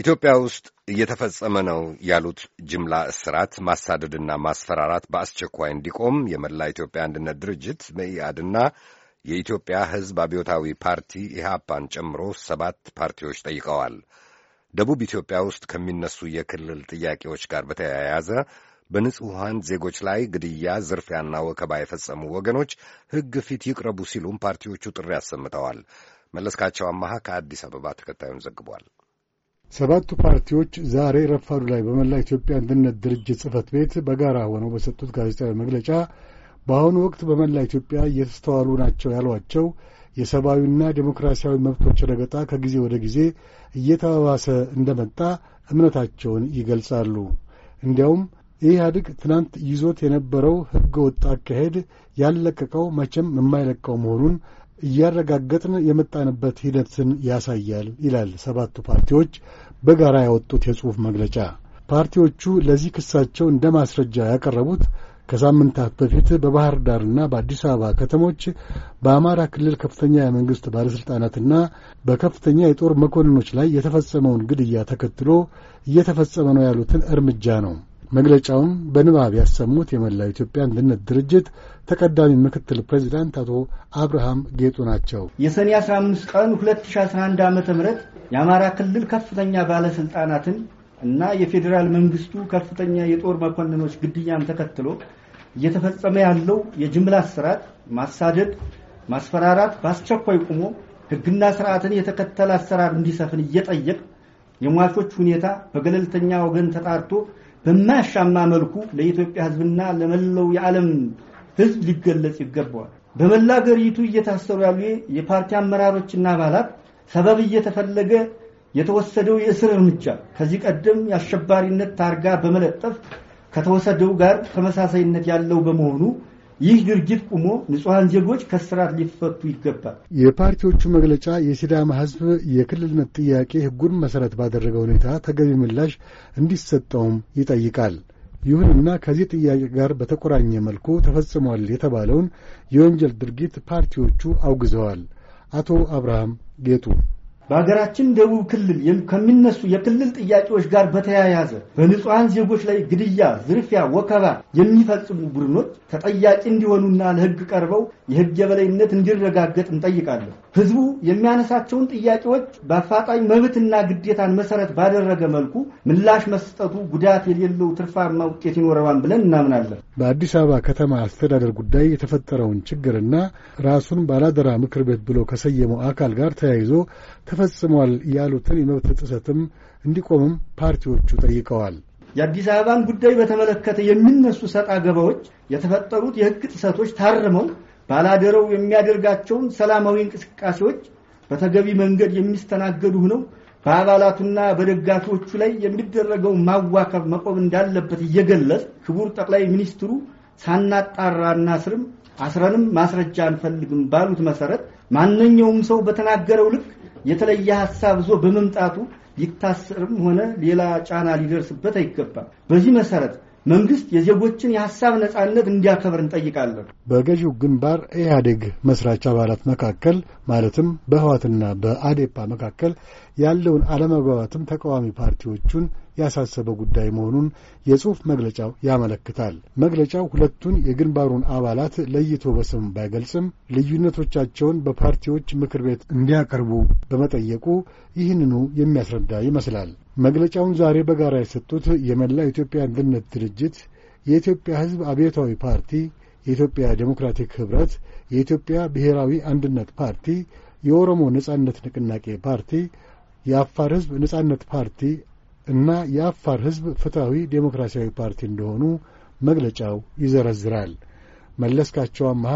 ኢትዮጵያ ውስጥ እየተፈጸመ ነው ያሉት ጅምላ እስራት፣ ማሳደድና ማስፈራራት በአስቸኳይ እንዲቆም የመላ ኢትዮጵያ አንድነት ድርጅት መኢአድና የኢትዮጵያ ሕዝብ አብዮታዊ ፓርቲ ኢህአፓን ጨምሮ ሰባት ፓርቲዎች ጠይቀዋል። ደቡብ ኢትዮጵያ ውስጥ ከሚነሱ የክልል ጥያቄዎች ጋር በተያያዘ በንጹሐን ዜጎች ላይ ግድያ፣ ዝርፊያና ወከባ የፈጸሙ ወገኖች ሕግ ፊት ይቅረቡ ሲሉም ፓርቲዎቹ ጥሪ አሰምተዋል። መለስካቸው አማሃ ከአዲስ አበባ ተከታዩን ዘግቧል። ሰባቱ ፓርቲዎች ዛሬ ረፋዱ ላይ በመላ ኢትዮጵያ አንድነት ድርጅት ጽህፈት ቤት በጋራ ሆነው በሰጡት ጋዜጣዊ መግለጫ በአሁኑ ወቅት በመላ ኢትዮጵያ እየተስተዋሉ ናቸው ያሏቸው የሰብአዊና ዴሞክራሲያዊ መብቶች ረገጣ ከጊዜ ወደ ጊዜ እየተባባሰ እንደመጣ እምነታቸውን ይገልጻሉ። እንዲያውም ኢህአዴግ ትናንት ይዞት የነበረው ሕገ ወጥ አካሄድ ያልለቀቀው መቼም የማይለቀው መሆኑን እያረጋገጥን የመጣንበት ሂደትን ያሳያል ይላል ሰባቱ ፓርቲዎች በጋራ ያወጡት የጽሑፍ መግለጫ። ፓርቲዎቹ ለዚህ ክሳቸው እንደ ማስረጃ ያቀረቡት ከሳምንታት በፊት በባህር ዳርና በአዲስ አበባ ከተሞች በአማራ ክልል ከፍተኛ የመንግሥት ባለሥልጣናትና በከፍተኛ የጦር መኮንኖች ላይ የተፈጸመውን ግድያ ተከትሎ እየተፈጸመ ነው ያሉትን እርምጃ ነው። መግለጫውን በንባብ ያሰሙት የመላው ኢትዮጵያ አንድነት ድርጅት ተቀዳሚ ምክትል ፕሬዚዳንት አቶ አብርሃም ጌጡ ናቸው። የሰኔ 15 ቀን 2011 ዓ ም የአማራ ክልል ከፍተኛ ባለስልጣናትን እና የፌዴራል መንግስቱ ከፍተኛ የጦር መኮንኖች ግድያን ተከትሎ እየተፈጸመ ያለው የጅምላ ስርዓት፣ ማሳደድ፣ ማስፈራራት በአስቸኳይ ቁሞ ህግና ስርዓትን የተከተለ አሰራር እንዲሰፍን እየጠየቅ የሟቾች ሁኔታ በገለልተኛ ወገን ተጣርቶ በማያሻማ መልኩ ለኢትዮጵያ ህዝብና ለመላው የዓለም ህዝብ ሊገለጽ ይገባዋል። በመላ አገሪቱ እየታሰሩ ያሉ የፓርቲ አመራሮችና አባላት ሰበብ እየተፈለገ የተወሰደው የእስር እርምጃ ከዚህ ቀደም የአሸባሪነት ታርጋ በመለጠፍ ከተወሰደው ጋር ተመሳሳይነት ያለው በመሆኑ ይህ ድርጊት ቁሞ ንጹሐን ዜጎች ከስርዓት ሊፈቱ ይገባል። የፓርቲዎቹ መግለጫ የሲዳማ ህዝብ የክልልነት ጥያቄ ሕጉን መሠረት ባደረገ ሁኔታ ተገቢ ምላሽ እንዲሰጠውም ይጠይቃል። ይሁንና ከዚህ ጥያቄ ጋር በተቆራኘ መልኩ ተፈጽሟል የተባለውን የወንጀል ድርጊት ፓርቲዎቹ አውግዘዋል። አቶ አብርሃም ጌጡ በሀገራችን ደቡብ ክልል ከሚነሱ የክልል ጥያቄዎች ጋር በተያያዘ በንጹሐን ዜጎች ላይ ግድያ፣ ዝርፊያ፣ ወከባ የሚፈጽሙ ቡድኖች ተጠያቂ እንዲሆኑና ለሕግ ቀርበው የሕግ የበላይነት እንዲረጋገጥ እንጠይቃለን። ሕዝቡ የሚያነሳቸውን ጥያቄዎች በአፋጣኝ መብትና ግዴታን መሰረት ባደረገ መልኩ ምላሽ መስጠቱ ጉዳት የሌለው ትርፋማ ውጤት ይኖረዋል ብለን እናምናለን። በአዲስ አበባ ከተማ አስተዳደር ጉዳይ የተፈጠረውን ችግርና ራሱን ባላደራ ምክር ቤት ብሎ ከሰየመው አካል ጋር ተያይዞ ተፈጽሟል ያሉትን የመብት ጥሰትም እንዲቆምም ፓርቲዎቹ ጠይቀዋል። የአዲስ አበባን ጉዳይ በተመለከተ የሚነሱ ሰጣ ገባዎች የተፈጠሩት የሕግ ጥሰቶች ታርመው ባላደረው የሚያደርጋቸውን ሰላማዊ እንቅስቃሴዎች በተገቢ መንገድ የሚስተናገዱ ሆነው በአባላቱና በደጋፊዎቹ ላይ የሚደረገው ማዋከብ መቆም እንዳለበት እየገለጽ ክቡር ጠቅላይ ሚኒስትሩ ሳናጣራ ስርም አስረንም ማስረጃ አንፈልግም ባሉት መሰረት ማንኛውም ሰው በተናገረው ልክ የተለየ ሀሳብ ዞ በመምጣቱ ሊታሰርም ሆነ ሌላ ጫና ሊደርስበት አይገባም። በዚህ መሰረት መንግስት የዜጎችን የሀሳብ ነጻነት እንዲያከብር እንጠይቃለን። በገዢው ግንባር ኢህአዴግ መስራች አባላት መካከል ማለትም በህዋትና በአዴፓ መካከል ያለውን አለመግባባትም ተቃዋሚ ፓርቲዎቹን ያሳሰበ ጉዳይ መሆኑን የጽሑፍ መግለጫው ያመለክታል። መግለጫው ሁለቱን የግንባሩን አባላት ለይቶ በስም ባይገልጽም ልዩነቶቻቸውን በፓርቲዎች ምክር ቤት እንዲያቀርቡ በመጠየቁ ይህንኑ የሚያስረዳ ይመስላል። መግለጫውን ዛሬ በጋራ የሰጡት የመላ ኢትዮጵያ አንድነት ድርጅት፣ የኢትዮጵያ ሕዝብ አብዮታዊ ፓርቲ፣ የኢትዮጵያ ዴሞክራቲክ ኅብረት፣ የኢትዮጵያ ብሔራዊ አንድነት ፓርቲ፣ የኦሮሞ ነጻነት ንቅናቄ ፓርቲ፣ የአፋር ሕዝብ ነጻነት ፓርቲ እና የአፋር ሕዝብ ፍትሐዊ ዴሞክራሲያዊ ፓርቲ እንደሆኑ መግለጫው ይዘረዝራል። መለስካቸው አምሃ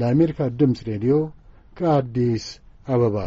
ለአሜሪካ ድምፅ ሬዲዮ ከአዲስ አበባ